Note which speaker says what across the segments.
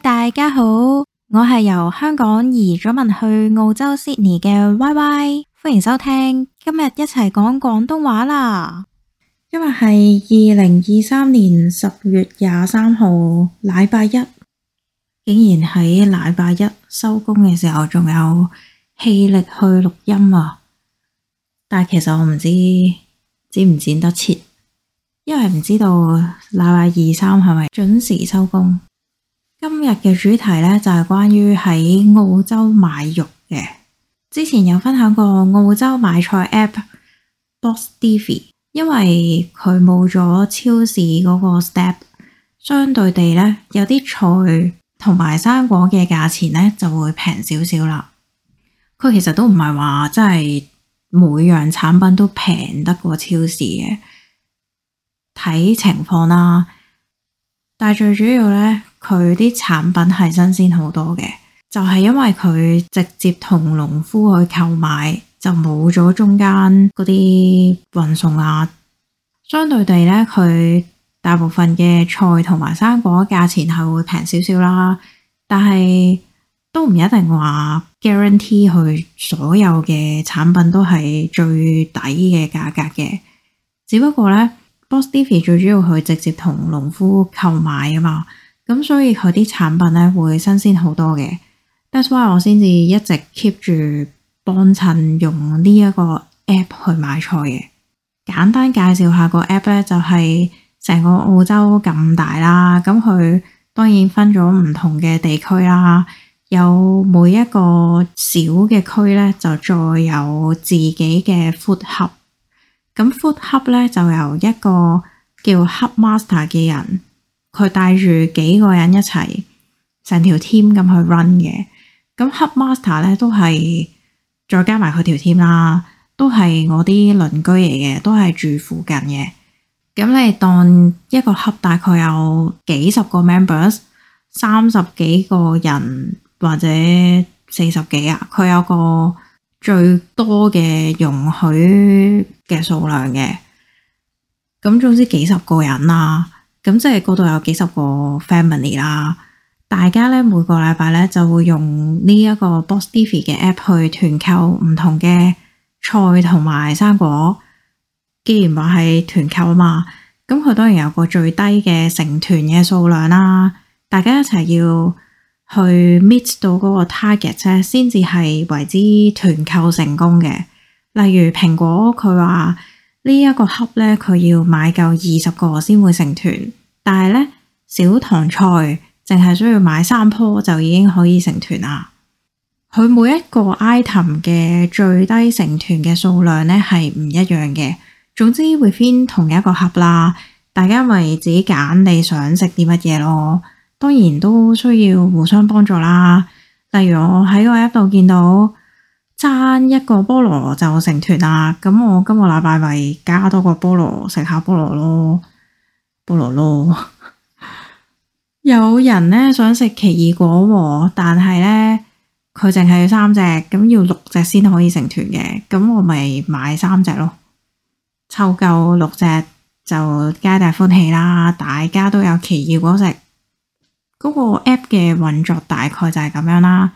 Speaker 1: 大家好，我係由香港移咗民去澳洲悉尼嘅 Y Y，歡迎收聽今日一齊講廣東話啦。因為係二零二三年十月廿三號，禮拜一，竟然喺禮拜一收工嘅時候仲有氣力去錄音啊！但係其實我唔知，剪唔剪得切，因為唔知道禮拜二三係咪準時收工。今日嘅主題呢，就係關於喺澳洲買肉嘅。之前有分享過澳洲買菜 App Box Divvy，因為佢冇咗超市嗰個 step，相對地呢，有啲菜同埋生果嘅價錢呢就會平少少啦。佢其實都唔係話真係每樣產品都平得過超市嘅，睇情況啦。但係最主要呢。佢啲產品係新鮮好多嘅，就係因為佢直接同農夫去購買，就冇咗中間嗰啲運送啊。相對地呢，佢大部分嘅菜同埋生果價錢係會平少少啦，但係都唔一定話 guarantee 去所有嘅產品都係最抵嘅價格嘅。只不過呢 Box Divvy 最主要佢直接同農夫購買啊嘛。咁所以佢啲產品咧會新鮮好多嘅，that's why 我先至一直 keep 住幫襯用呢一個 app 去買菜嘅。簡單介紹下個 app 咧，就係成個澳洲咁大啦，咁佢當然分咗唔同嘅地區啦，有每一個小嘅區咧就再有自己嘅 food hub，咁 food hub 咧就由一個叫 Hubmaster 嘅人。佢帶住幾個人一齊，成條 team 咁去 run 嘅。咁 Hub Master 咧都係再加埋佢條 team 啦，都係我啲鄰居嚟嘅，都係住附近嘅。咁你當一個 Hub 大概有幾十個 members，三十幾個人或者四十幾啊。佢有個最多嘅容許嘅數量嘅。咁總之幾十個人啦，啊。咁即係嗰度有幾十個 family 啦，大家咧每個禮拜咧就會用呢一個 Box Divvy 嘅 app 去團購唔同嘅菜同埋生果。既然話係團購啊嘛，咁佢當然有個最低嘅成團嘅數量啦，大家一齊要去 meet 到嗰個 target 啫，先至係為之團購成功嘅。例如蘋果佢話。呢一個盒咧，佢要買夠二十個先會成團，但係咧小棠菜，淨係需要買三棵就已經可以成團啦。佢每一個 item 嘅最低成團嘅數量咧係唔一樣嘅。總之 within 同一個盒啦，大家咪自己揀你想食啲乜嘢咯。當然都需要互相幫助啦。例如我喺個 app 度見到。生一個菠蘿就成團啦，咁我今個禮拜咪加多個菠蘿食下菠蘿咯，菠蘿咯。 有人呢想食奇異果，哦，但係呢，佢淨係要三隻，咁要六隻先可以成團嘅，咁我咪買三隻咯，湊夠六隻就皆大歡喜啦，大家都有奇異果食。嗰、那個 app 嘅運作大概就係咁樣啦。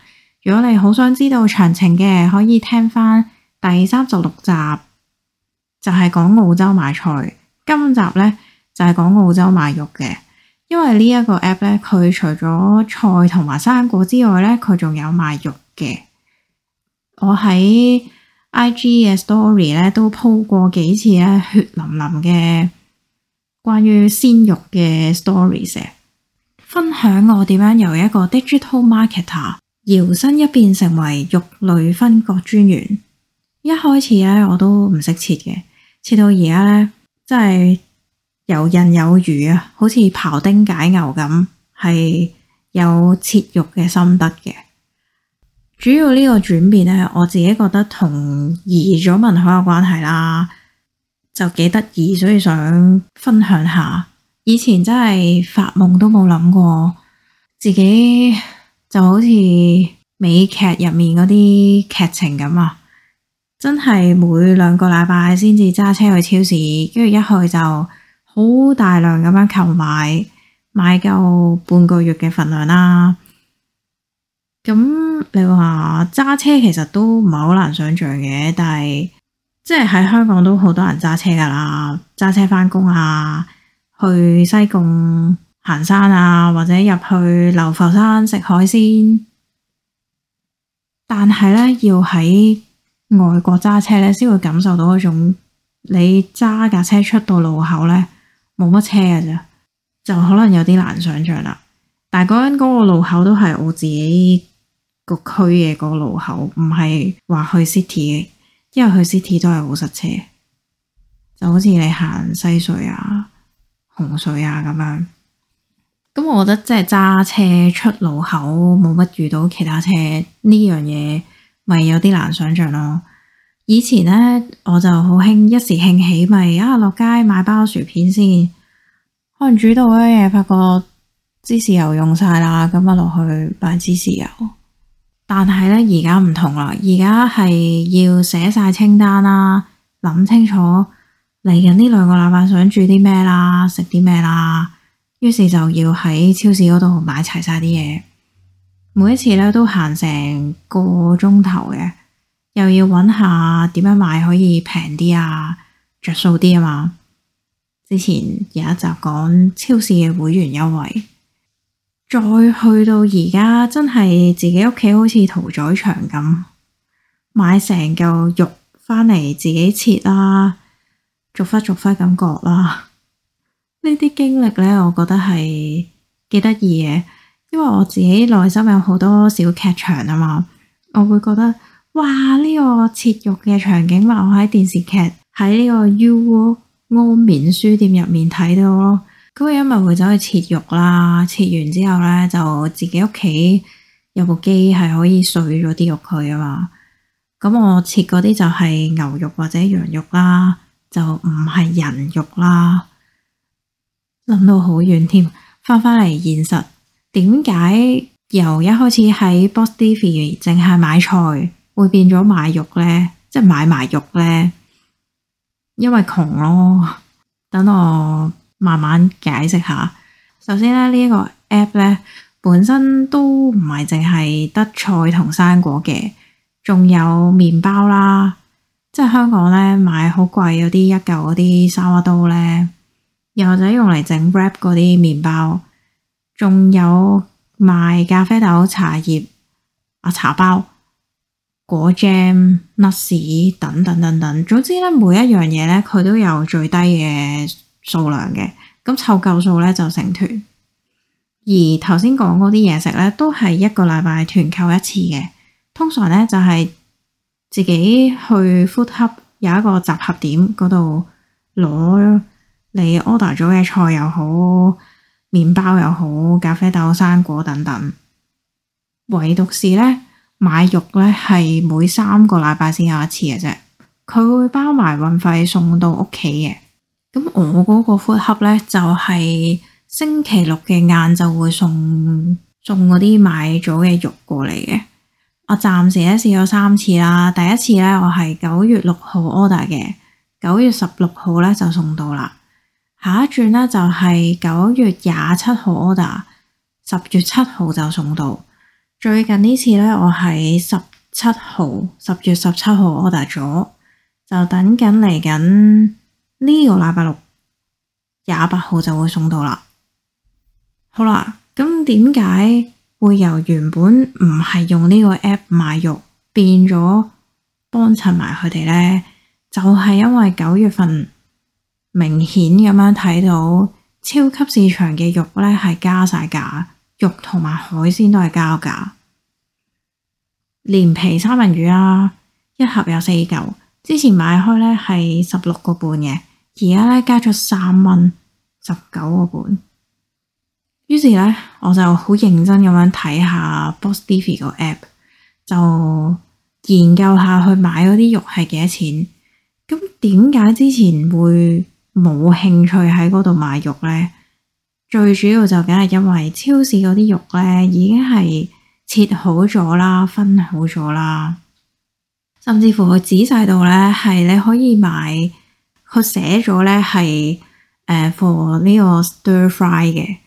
Speaker 1: 如果你好想知道詳情嘅，可以聽翻第三十六集，就係講澳洲買菜。今集呢就係講澳洲買肉嘅，因為呢一個 app 呢，佢除咗菜同埋生果之外呢，佢仲有賣肉嘅。我喺 I G 嘅 story 呢都鋪過幾次呢，血淋淋嘅關於鮮肉嘅 stories，分享我點樣由一個 digital marketer，搖身一變成為肉類分割專員，一開始咧我都唔識切嘅，切到而家咧真係游刃有餘啊，好似庖丁解牛咁，係有切肉嘅心得嘅。主要呢個轉變咧，我自己覺得同移咗文化有關係啦，就幾得意，所以想分享下。以前真係發夢都冇諗過自己。就好似美劇入面嗰啲劇情咁啊，真係每兩個禮拜先至揸車去超市，跟住一去就好大量咁樣購買，買夠半個月嘅份量啦。咁你話揸車其實都唔係好難想象嘅，但係即係喺香港都好多人揸車噶啦，揸車返工啊，去西貢，行山啊，或者入去流浮山食海鮮，但係咧要喺外國揸車咧，先會感受到一種你揸架車出到路口咧冇乜車嘅啫，就可能有啲難想象啦。但係嗰間嗰個路口都係我自己個區嘅個路口，唔係話去 city 嘅，因為去 city 都係好塞車，就好似你行西隧啊、紅隧啊咁樣。咁我覺得即係揸車出路口冇乜遇到其他車呢樣嘢，咪有啲難想象咯。以前呢，我就好興一時興起，就是，咪啊落街買包薯片先，可能煮到一又發覺芝士油用晒啦，咁啊落去買芝士油。但係呢，而家唔同啦，而家係要寫晒清單啦，諗清楚嚟緊呢兩個禮拜想煮啲咩啦，食啲咩啦。於是就要喺超市嗰度買齊晒啲嘢，每一次呢都行成個鐘頭嘅，又要揾下點樣買可以平啲啊，着數啲啊嘛。之前有一集講超市嘅會員優惠，再去到而家真係自己屋企好似屠宰場咁，買成嚿肉返嚟自己切啦，逐塊逐塊咁割啦。呢啲經歷呢，我覺得係幾得意嘅，因為我自己內心有好多小劇場啊嘛。我會覺得，哇！呢個切肉嘅場景，我喺電視劇喺呢個 You 安眠書店入面睇到咯。咁我人咪會走去切肉啦，切完之後呢，就自己屋企有部機係可以碎咗啲肉佢啊嘛。咁我切嗰啲就係牛肉或者羊肉啦，就唔係人肉啦。諗到好遠添，翻返嚟現實，點解由一開始喺 Box Divvy 淨係買菜，會變咗買肉呢？即係買埋肉呢？因為窮咯。等我慢慢解釋下。首先呢，呢、這、一個 app 呢，本身都唔係淨係得菜同生果嘅，仲有麵包啦。即係香港呢，買好貴嗰啲一嚿嗰啲沙威刀呢。又或者用嚟整 wrap 嗰啲麵包，仲有賣咖啡豆、茶葉啊茶包、果 jam、nuts 等等等等。總之咧，每一樣嘢咧，佢都有最低嘅數量嘅。咁湊夠數咧就成團。而頭先講嗰啲嘢食咧，都係一個禮拜團購一次嘅。通常咧就係、是、自己去 food hub 有一個集合點嗰度攞。你 order 咗嘅菜又好，麵包又好，咖啡豆、生果等等，唯獨是呢，買肉呢係每三個禮拜先有一次嘅啫。佢會包埋運費送到屋企嘅。咁我嗰個 food hub 呢，就係、是、星期六嘅晏晝就會送送嗰啲買咗嘅肉過嚟嘅。我暫時呢試咗三次啦，第一次呢，我係九月六號 order 嘅，九月十六號呢，就送到啦。下一轉咧，就係九月廿七號 order，十月七號就送到。最近呢次咧，我係十七號，十月十七號 order 咗，就等緊嚟緊呢個禮拜六廿八號就會送到啦。好啦，咁點解會由原本唔係用呢個 app 買肉變咗幫襯埋佢哋咧？就係因為九月份。明顯咁樣睇到超級市場嘅肉呢係加晒價，肉同埋海鮮都係加價。連皮三文魚啦，一盒有四嚿，之前買開呢係十六個半嘅，而家呢加咗三蚊，十九個半。於是呢，我就好認真咁樣睇下 Box Divvy 個 app，就研究下去買嗰啲肉係幾多錢。咁點解之前會？冇興趣喺嗰度買肉呢，最主要就梗係因為超市嗰啲肉呢已經係切好咗啦、分好咗啦，甚至乎佢仔細到呢，係你可以買，佢寫咗呢係 for 呢個 stir fry 嘅，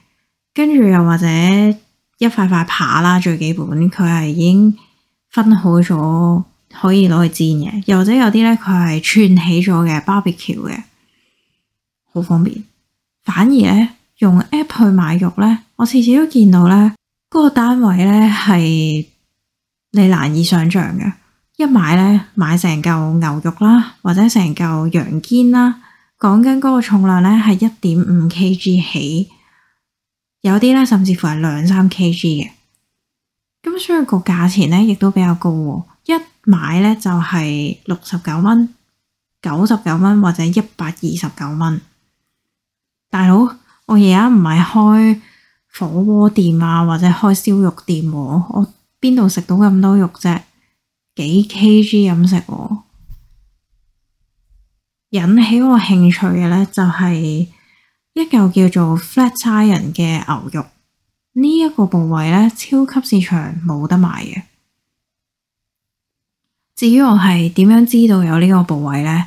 Speaker 1: 跟住又或者一塊塊扒啦最基本，佢係已經分好咗可以攞去煎嘅，又或者有啲呢，佢係串起咗嘅 barbecue 嘅。好方便，反而咧用 app 去買肉咧，我次次都見到咧嗰、那個單位咧係你難以想象嘅。一買咧買成嚿牛肉啦，或者成嚿羊肩啦，講緊嗰個重量咧係一點五 kg 起，有啲咧甚至乎係兩三 kg 嘅。咁所以個價錢咧亦都比較高、啊，一買咧就係六十九蚊、九十九蚊或者一百二十九蚊。大佬，我而家唔係開火鍋店啊，或者開燒肉店、啊，我邊度食到咁多肉啫？幾 K G 飲食、啊？引起我興趣嘅咧，就係一嚿叫做 flat i 叉人嘅牛肉，呢、這、一個部位咧，超級市場冇得賣嘅。至於我係點樣知道有呢個部位咧？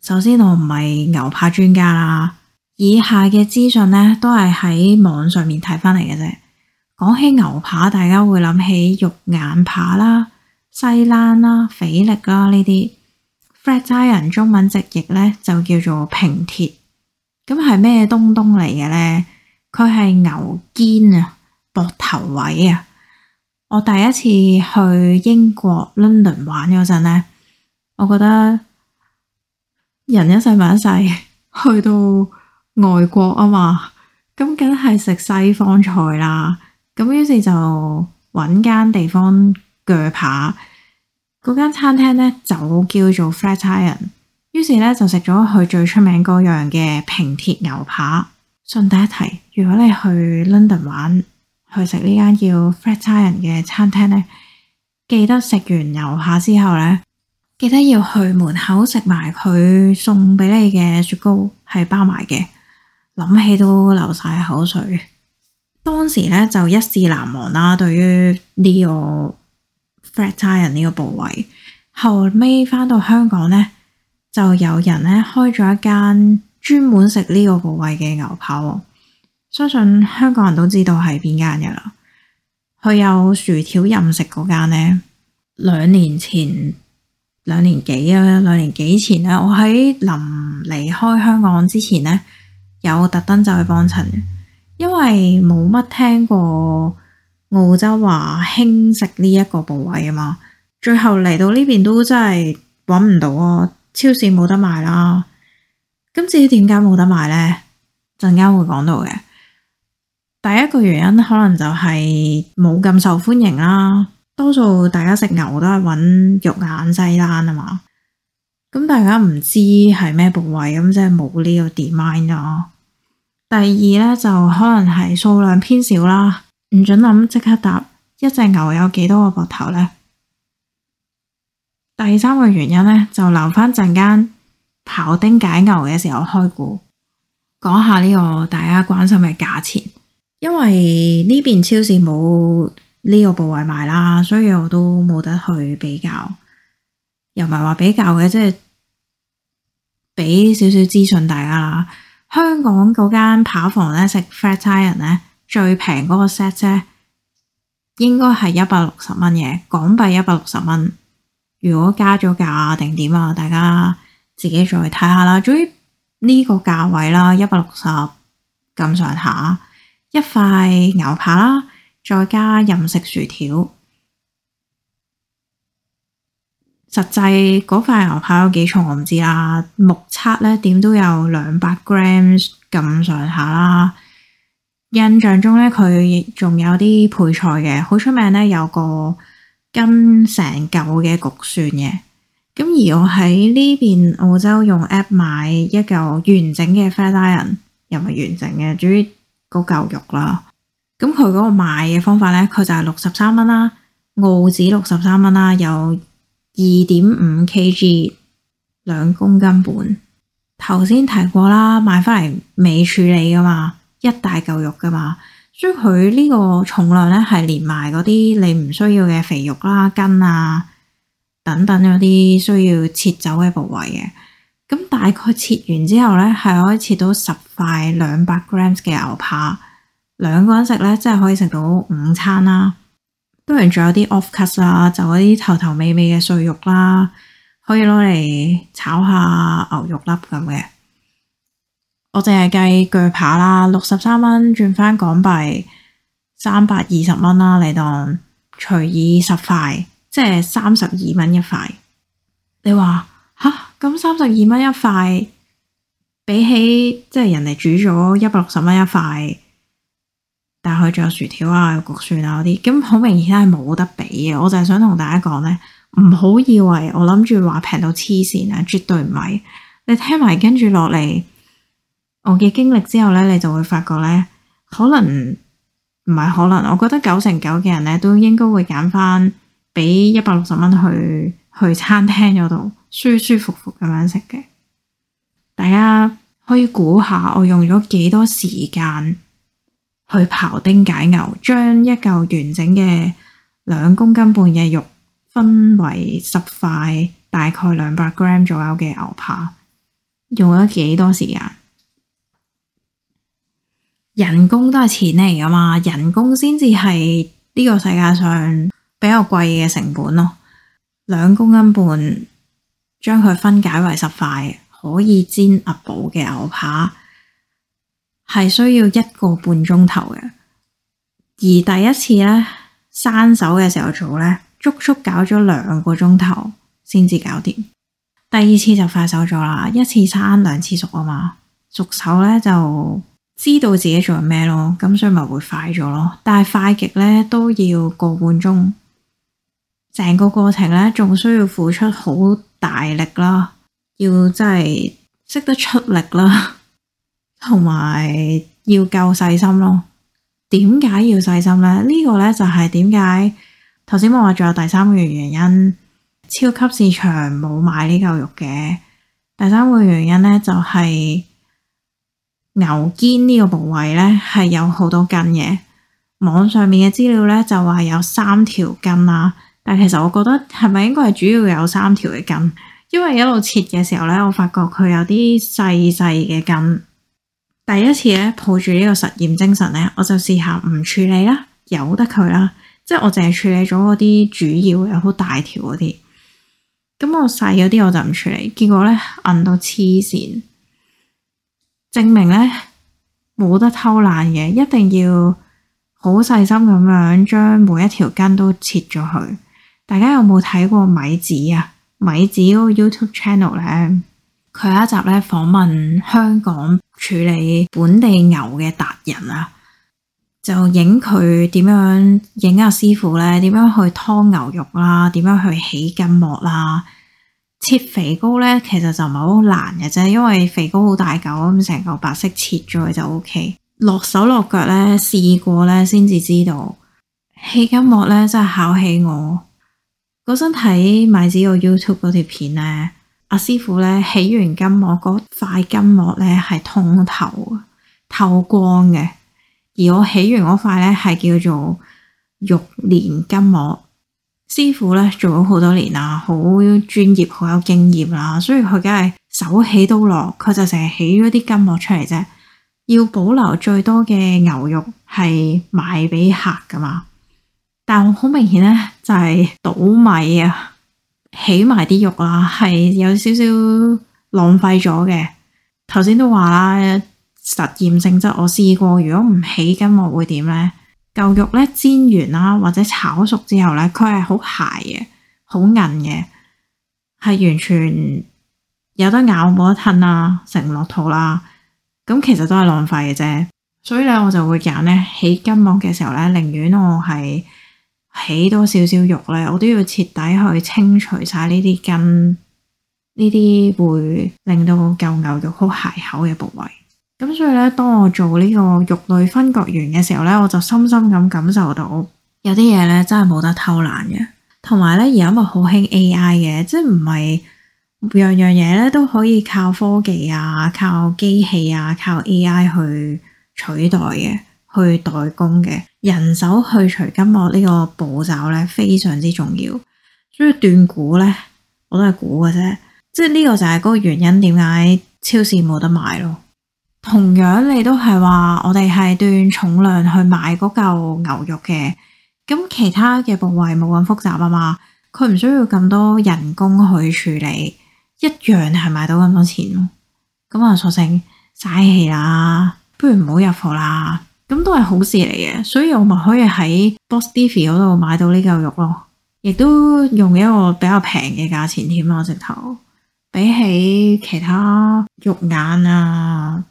Speaker 1: 首先，我唔係牛扒專家啦。以下嘅資訊呢，都係喺網上面睇翻嚟嘅啫。講起牛扒，大家會諗起肉眼扒啦、西冷啦、肥力啦呢啲。Flat Iron 中文直譯呢，就叫做平鐵。咁係咩東東嚟嘅呢？佢係牛肩啊，膊頭位啊。我第一次去英國倫敦玩嗰陣呢，我覺得人一世物一世，去到外國啊嘛，咁梗係食西方菜啦。咁於是就揾間地方鋸扒，嗰間餐廳呢，就叫做 Flat Iron。於是呢，就食咗佢最出名嗰樣嘅平鐵牛扒。順帶一提，如果你去 London 玩去食呢間叫 Flat Iron 嘅餐廳呢，記得食完牛扒之後呢，記得要去門口食埋佢送俾你嘅雪糕，係包埋嘅。諗起都流晒口水。當時咧就一試難忘啦，對於呢個 Flat Iron 呢個部位。後尾翻到香港咧，就有人咧開咗一間專門食呢個部位嘅牛扒。我相信香港人都知道係邊間嘅啦。佢有薯條任食嗰間咧，兩年前、兩年幾啊、兩年幾前咧，我喺臨離開香港之前咧。有，特登就去幫襯，因為冇乜聽過澳洲話興食呢一個部位啊嘛，最後嚟到呢邊都真係搵唔到啊，超市冇得賣啦。咁至於點解冇得賣呢？陣間會講到嘅。第一個原因可能就係冇咁受歡迎啦，多數大家食牛都係搵肉眼西冷啊嘛。咁大家唔知係咩部位，咁即係冇呢個 demand 囉。第二咧就可能係數量偏少啦，唔准諗即刻答。一隻牛有幾多個膊頭咧？第三個原因咧就留翻陣間庖丁解牛嘅時候開估，講下呢個大家關心嘅價錢，因為呢邊超市冇呢個部位賣啦，所以我都冇得去比較。又唔係話比較嘅，即係畀少少資訊大家啦。香港嗰間扒房咧，食 Flat Iron 咧，最平嗰個 set 啫，應該係一百六十蚊嘅港幣一百六十蚊。如果加咗價定點啊，大家自己再睇下啦。至於呢個價位啦，一百六十咁上下，一塊牛扒啦，再加任食薯條。實際嗰塊牛排有幾重我唔知啊，目測咧點都有兩百 gram 咁上下啦。印象中咧佢仲有啲配菜嘅，好出名咧有個跟成嚿嘅焗蒜嘅。咁而我喺呢邊澳洲用 app 買一嚿完整嘅 Flat Iron 又咪完整嘅，主要嗰嚿肉啦。咁佢嗰個賣嘅方法咧，佢就係六十三蚊啦，澳紙六十三蚊啦，有。二點五 kg，兩公斤半。頭先提過啦，買翻嚟未處理噶嘛，一大嚿肉噶嘛，所以佢呢個重量咧係連埋嗰啲你唔需要嘅肥肉啦、筋啊等等嗰啲需要切走嘅部位嘅。咁大概切完之後咧，係可以切到十塊兩百 grams 嘅牛扒，兩個人食咧，即係可以食到五餐啦。多人仲有啲 offcut 啊，就嗰啲頭頭尾尾嘅碎肉啦，可以攞嚟炒下牛肉粒咁嘅。我淨係計鋸扒啦，六十三蚊轉返港幣三百二十蚊啦，你當除以十塊，即係三十二蚊一塊。你話吓咁三十二蚊一塊，比起即係人哋煮咗一百六十蚊一塊。但係佢仲有薯條啊，有焗蒜啊嗰啲，咁好明顯係冇得比嘅。我就係想同大家講呢，唔好以為我諗住話平到黐線啊，絕對唔係。你聽埋跟住落嚟我嘅經歷之後呢，你就會發覺呢，可能，唔係可能，我覺得九成九嘅人呢，都應該會揀翻俾一百六十蚊去去餐廳嗰度，舒舒服服咁樣食嘅。大家可以估下我用咗幾多時間。去庖丁解牛，將一嚿完整嘅兩公斤半嘅肉分為十塊，大概兩百 gram 左右嘅牛扒，用咗幾多時間？人工都係錢嚟噶嘛，人工先至係呢個世界上比較貴嘅成本咯。兩公斤半將佢分解為十塊可以煎阿寶嘅牛扒。係需要一個半鐘頭嘅，而第一次呢，生手嘅時候做呢，足足搞咗兩個鐘頭先至搞掂。第二次就快手咗啦，一次生兩次熟啊嘛，熟手呢，就知道自己做咩咯，咁所以咪會快咗咯。但係快極呢，都要個半鐘，成個過程呢，仲需要付出好大力啦，要真係識得出力啦。同埋要夠細心咯，點解要細心呢？呢個呢，就係點解頭先我話仲有第三個原因，超級市場冇買呢嚿肉嘅。第三個原因呢，就係牛肩呢個部位呢，係有好多筋嘅。網上面嘅資料呢，就話有三條筋喇，但其實我覺得係咪應該係主要有三條嘅筋？因為一路切嘅時候呢，我發覺佢有啲細細嘅筋。第一次咧，抱住呢個實驗精神咧，我就試下唔處理啦，由得佢啦，即係我淨係處理咗嗰啲主要又好大條嗰啲，咁我細嗰啲我就唔處理。結果咧，韌到黐線，證明咧冇得偷懶嘅，一定要好細心咁樣將每一條筋都切咗佢。大家有冇睇過米子啊？米子嗰個 YouTube channel 咧，佢有一集咧訪問香港。處理本地牛嘅達人啊，就影佢點樣影阿師傅呢，點樣去劏牛肉啦，點樣去起筋膜啦，切肥膏呢，其實就唔係好難嘅啫，因為肥膏好大嚿，咁成嚿白色切咗佢就 OK。落手落腳呢，試過呢先至知道起筋膜呢真係考起我個身體。買啲我 YouTube 嗰條片呢。阿師傅咧起完筋膜嗰塊筋膜咧係通透、透光嘅，而我起完嗰塊咧係叫做玉蓮筋膜。師傅咧做咗好多年啦，好專業、好有經驗啦，所以佢梗係手起刀落，佢就成日起咗啲筋膜出嚟啫。要保留最多嘅牛肉係賣俾客噶嘛，但好明顯咧就係、是、倒米啊！起埋啲肉啦，係有少少浪費咗嘅。頭先都話啦，實驗性質，我試過，如果唔起筋膜會點呢？嚿肉咧煎完啦，或者炒熟之後呢，佢係好柴嘅，好硬嘅，係完全有得咬冇得吞啦，食唔落肚啦。咁其實都係浪費嘅啫。所以咧，我就會揀咧起筋膜嘅時候呢，寧願我係。起多少少肉呢？我都要徹底去清除晒呢啲筋，呢啲會令到嚿牛肉好鞋口嘅部位。咁所以呢，當我做呢個肉類分割員嘅時候呢，我就深深咁感受到，有啲嘢呢真係冇得偷懶嘅。同埋呢，而家咪好興 AI 嘅，即係唔係樣樣嘢呢都可以靠科技啊、靠機器啊、靠 AI 去取代嘅、去代工嘅。人手去除筋膜呢個步驟呢，非常之重要，所以斷估呢，我都係估嘅啫，即係呢個就係嗰個原因，點解超市冇得買咯？同樣你都係話我哋係斷重量去買嗰嚿牛肉嘅，咁其他嘅部位冇咁複雜啊嘛，佢唔需要咁多人工去處理，一樣係買到咁多錢咯。咁啊，索性嘥氣啦，不如唔好入貨啦。咁都係好事嚟嘅，所以我咪可以喺 Box Divvy 嗰度買到呢嚿肉咯，亦都用一個比較平嘅價錢添啦，直頭比起其他肉眼啊、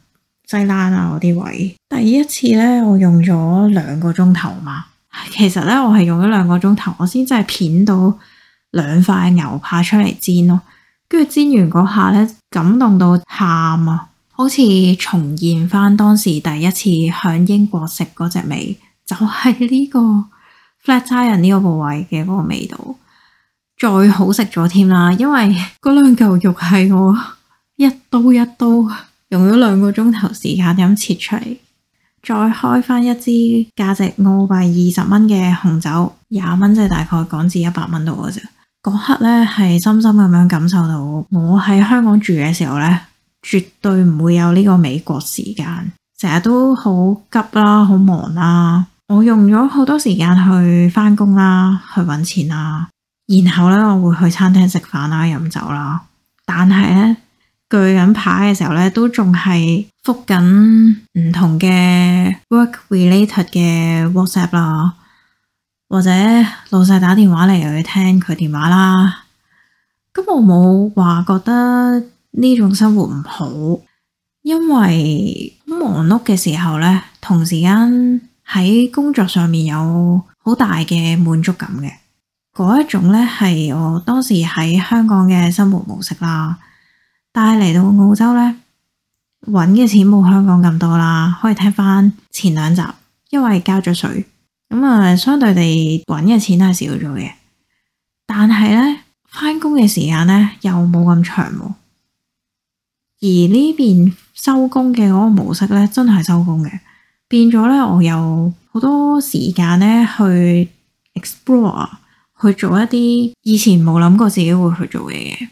Speaker 1: 西冷啊嗰啲位。第一次呢我用咗兩個鐘頭嘛，其實呢，我係用咗兩個鐘頭，我先真係片到兩塊牛排出嚟煎咯，跟住煎完嗰下呢，感動到喊啊！好似重現翻當時第一次喺英國食嗰隻味，就係呢個 Flat Iron 呢個部位嘅嗰個味道，再好食咗添啦！因為嗰兩嚿肉係我一刀一刀用咗兩個鐘頭時間咁切出嚟，再開翻一支價值澳幣二十蚊嘅紅酒，廿蚊即係大概港紙一百蚊到嘅啫。嗰刻呢係深深咁樣感受到，我喺香港住嘅時候呢。絕對唔會有呢個美國時間，成日都好急啦，好忙啦。我用咗好多時間去返工啦，去搵錢啦。然後呢，我會去餐廳食飯啦，飲酒啦。但係呢，鋸緊扒嘅時候呢，都仲係覆緊唔同嘅 work related 嘅 WhatsApp 啦，或者老細打電話嚟又要聽佢電話啦。咁我冇話覺得。呢種生活唔好，因為忙碌嘅時候呢，同時間喺工作上面有好大嘅滿足感嘅嗰一種呢，係我當時喺香港嘅生活模式啦。但係嚟到澳洲呢，揾嘅錢冇香港咁多啦，可以聽翻前兩集，因為交咗稅咁啊，相對地揾嘅錢都係少咗嘅。但係呢，翻工嘅時間呢，又冇咁長。而呢邊收工嘅嗰個模式呢，真係收工嘅，變咗呢。我有好多時間呢，去 explore，去做一啲以前冇諗過自己會去做嘅嘢，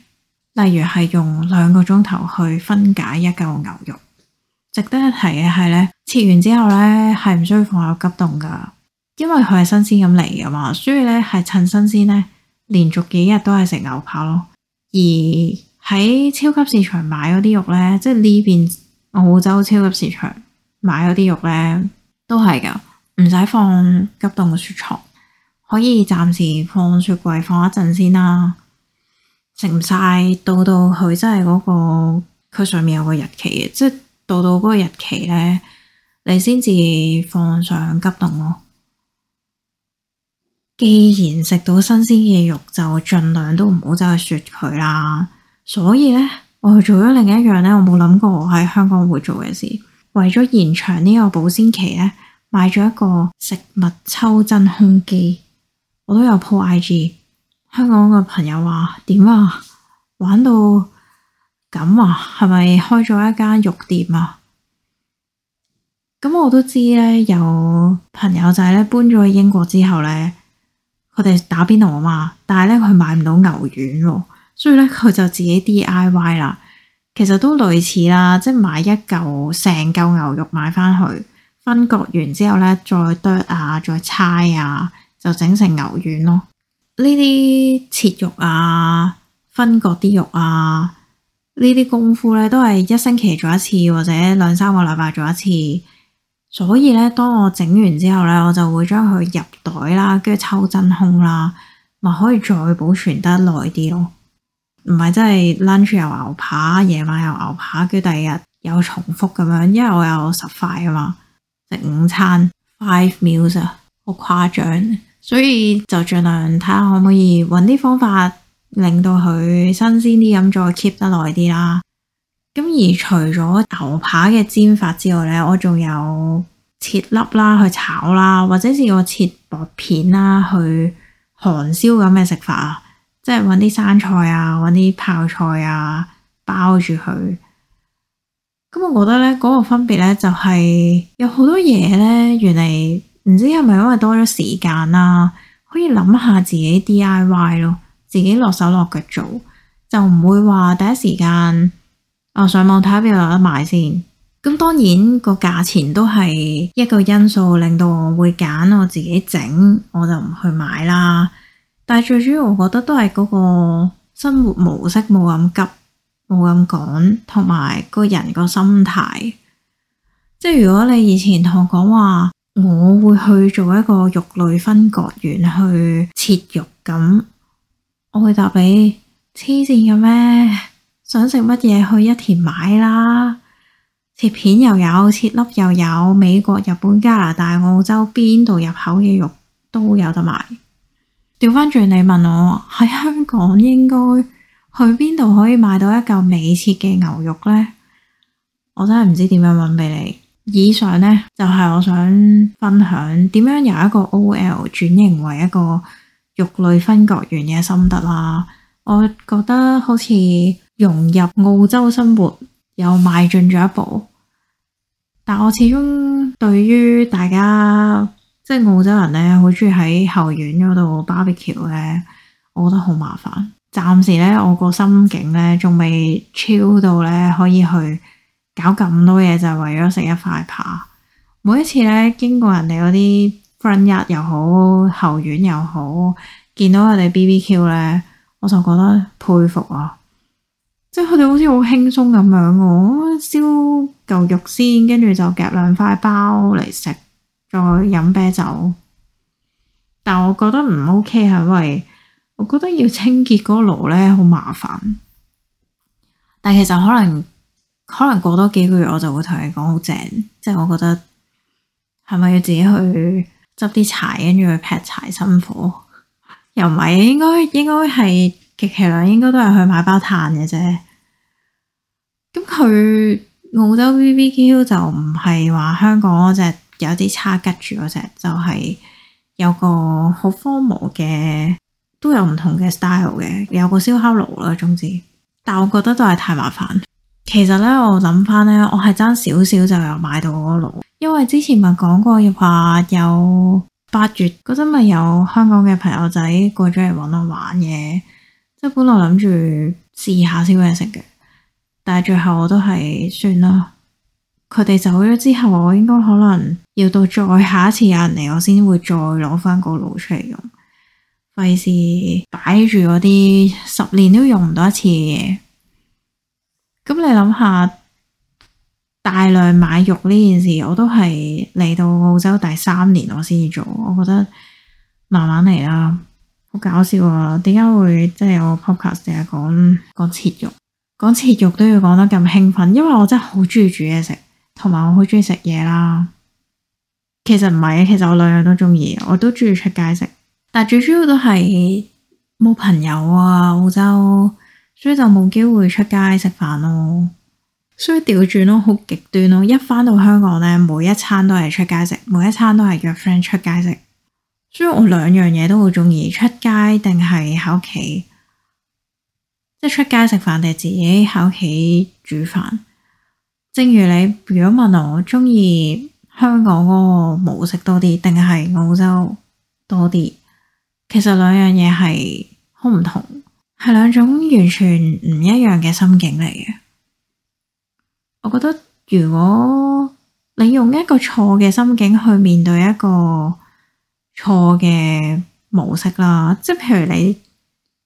Speaker 1: 例如係用兩個鐘頭去分解一嚿牛肉。值得一提嘅係呢，切完之後呢，係唔需要放入急凍噶，因為佢係新鮮咁嚟噶嘛，所以呢，係趁新鮮呢，連續幾日都係食牛扒咯，而。喺超級市場買嗰啲肉咧，即係呢邊澳洲超級市場買嗰啲肉咧，都係噶唔使放急凍嘅雪藏，可以暫時放雪櫃放一陣先啦。食唔晒到到佢真係嗰個，佢上面有個日期嘅，即係到到嗰個日期咧，你先至放上急凍咯。既然食到新鮮嘅肉，就盡量都唔好走去雪佢啦。所以呢，我做咗另一樣呢，我冇諗過我喺香港會做嘅事，為咗延長呢個保鮮期呢，買咗一個食物抽真空機。我都有 po IG，香港嘅朋友話點啊，玩到咁啊，係咪開咗一間肉店啊？咁我都知呢，有朋友仔咧搬咗去英國之後呢，佢哋打邊爐啊嘛，但係呢，佢買唔到牛丸。所以咧，佢就自己 D I Y 啦。其實都類似啦，即係買一嚿成嚿牛肉買翻去，分割完之後咧，再剁啊，再猜啊，就整成牛丸咯。呢啲切肉啊，分割啲肉啊，呢啲功夫咧，都係一星期做一次或者兩三個禮拜做一次。所以咧，當我整完之後咧，我就會將佢入袋啦，跟住抽真空啦，咪可以再保存得耐啲咯。唔係真係 lunch 又牛扒，夜晚又牛扒，跟住第二日有重複咁樣，因為我有十塊啊嘛，食午餐 five meals 啊，好誇張，所以就盡量睇下可唔可以揾啲方法令到佢新鮮啲咁，再 keep 得耐啲啦。咁而除咗牛扒嘅煎法之外呢，我仲有切粒啦去炒啦，或者是我切薄片啦去韓燒咁嘅食法啊。即係搵啲生菜啊，搵啲泡菜啊，包住佢。咁我覺得呢嗰、那個分別呢，就係、是、有好多嘢呢。原嚟唔知係咪因為多咗時間啦、啊，可以諗下自己 D I Y 咯，自己落手落腳做，就唔會話第一時間啊、哦、上網睇下邊度有得賣先。咁當然個價錢都係一個因素，令到我會揀我自己整，我就唔去買啦。但最主要，我覺得都係嗰個生活模式冇咁急，冇咁趕，同埋個人個心態。即如果你以前同我講話，我會去做一個肉類分割員去切肉咁，我會答你：黐線嘅咩？想食乜嘢去一田買啦，切片又有，切粒又有。美國、日本、加拿大、澳洲邊度入口嘅肉都有得賣。調返轉，你問我喺香港應該去邊度可以買到一嚿未切嘅牛肉呢？我真係唔知點樣揾畀你。以上呢，就係我想分享點樣由一個 OL 轉型為一個肉類分割員嘅心得啦。我覺得好似融入澳洲生活又邁進咗一步，但我始終對於大家，即係澳洲人咧，好中意喺後院嗰度 barbecue 咧，我覺得好麻煩。暫時咧，我個心境咧仲未超到咧，可以去搞咁多嘢就係為咗食一塊扒。每一次咧經過人哋嗰啲 friend 一又好，後院又好，見到佢哋 bbq 咧，我就覺得佩服啊！即係佢哋好似好輕鬆咁樣，啊，我燒嚿肉先，跟住就夾兩塊包嚟食。再飲啤酒，但我覺得唔 OK 係，因為我覺得要清潔嗰個爐咧好麻煩。但其實可能可能過多幾個月，我就會同你講好正，即係我覺得係咪要自己去執啲柴，跟住去劈柴辛苦？又唔係，應該應該係極其量，應該都係去買包炭嘅啫。咁佢澳洲 BBQ 就唔係話香港嗰隻。有啲差吉住嗰隻，就係有個好荒謬嘅，都有唔同嘅 style 嘅，有個燒烤爐啦，總之，但我覺得都係太麻煩。其實呢，我諗翻呢，我係爭少少就有買到嗰個爐，因為之前咪講過話有八月嗰陣咪有香港嘅朋友仔過咗嚟揾我玩嘅，即係本來諗住試下燒嘢食嘅，但係最後我都係算啦。佢哋走咗之後，我應該可能要到再下一次有人嚟，我先會再攞翻個爐出嚟用，費事擺住嗰啲十年都用唔到一次嘅嘢。咁你諗下，大量買肉呢件事，我都係嚟到澳洲第三年，我先至做，我覺得慢慢嚟啦。好搞笑啊！點解會即係有個 podcast 成日講講切肉，講切肉都要講得咁興奮？因為我真係好中意煮嘢食。同埋我好鍾意食嘢啦，其實唔係，其實我兩樣都鍾意，我都鍾意出街食，但最主要都係冇朋友啊，澳洲，所以就冇機會出街食飯咯，所以調轉咯，好極端咯，啊，一返到香港咧，每一餐都係出街食，每一餐都係約 friend 出街食，所以我兩樣嘢都好鍾意，出街定係喺屋企，即係出街食飯定係自己喺屋企煮飯。正如你如果問我中意香港嗰個模式多啲定係澳洲多啲，其實兩樣嘢係好唔同，係兩種完全唔一樣嘅心境嚟嘅。我覺得如果你用一個錯嘅心境去面對一個錯嘅模式啦，即係譬如你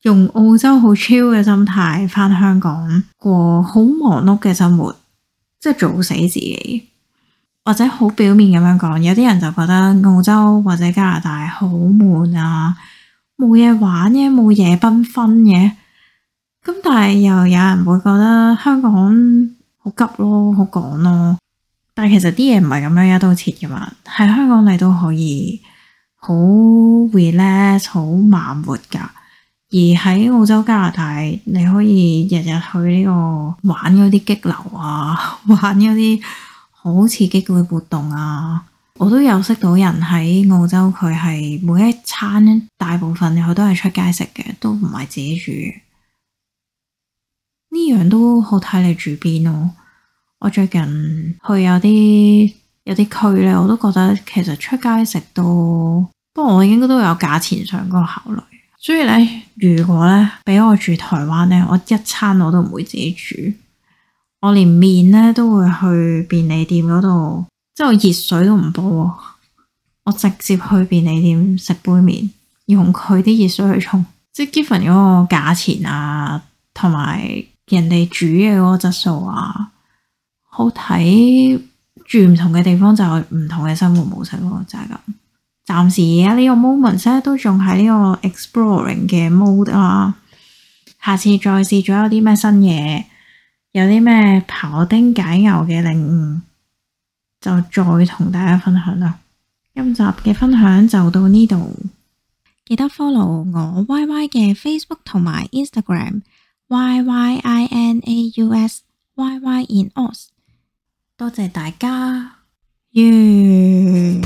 Speaker 1: 用澳洲好 chill 嘅心態翻香港過好忙碌嘅生活。即係做死自己，或者好表面咁樣講，有啲人就覺得澳洲或者加拿大好悶啊，冇嘢玩嘅，冇嘢繽紛嘅。咁但係又有人會覺得香港好急咯，好趕咯。但係其實啲嘢唔係咁樣一刀切噶嘛，喺香港你都可以好 relax，好慢活噶。而喺澳洲、加拿大，你可以日日去呢個玩嗰啲激流啊，玩嗰啲好刺激嘅活動啊。我都有識到人喺澳洲，佢係每一餐大部分佢都係出街食嘅，都唔係自己煮。呢樣都好睇你住邊咯。我最近去有啲有啲區咧，我都覺得其實出街食都，不過我應該都有價錢上個考慮。所以咧，如果咧俾我住台灣咧，我一餐我都唔會自己煮，我連麵咧都會去便利店嗰度，即係我熱水都唔煲，我直接去便利店食杯麵，用佢啲熱水去沖，即係 given 嗰個價錢啊，同埋人哋煮嘅嗰個質素啊，好睇住唔同嘅地方就係唔同嘅生活模式咯，就係咁。暫時而家呢個 moment 咧、啊、都仲喺呢個 exploring 嘅 mode 啊。下次再試咗有啲咩新嘢，有啲咩庖丁解牛嘅領悟，就再同大家分享啦。今集嘅分享就到呢度，記得 follow 我 YY 嘅 Facebook 同埋 Instagram YYINAUS YYINOS 多謝大家，完。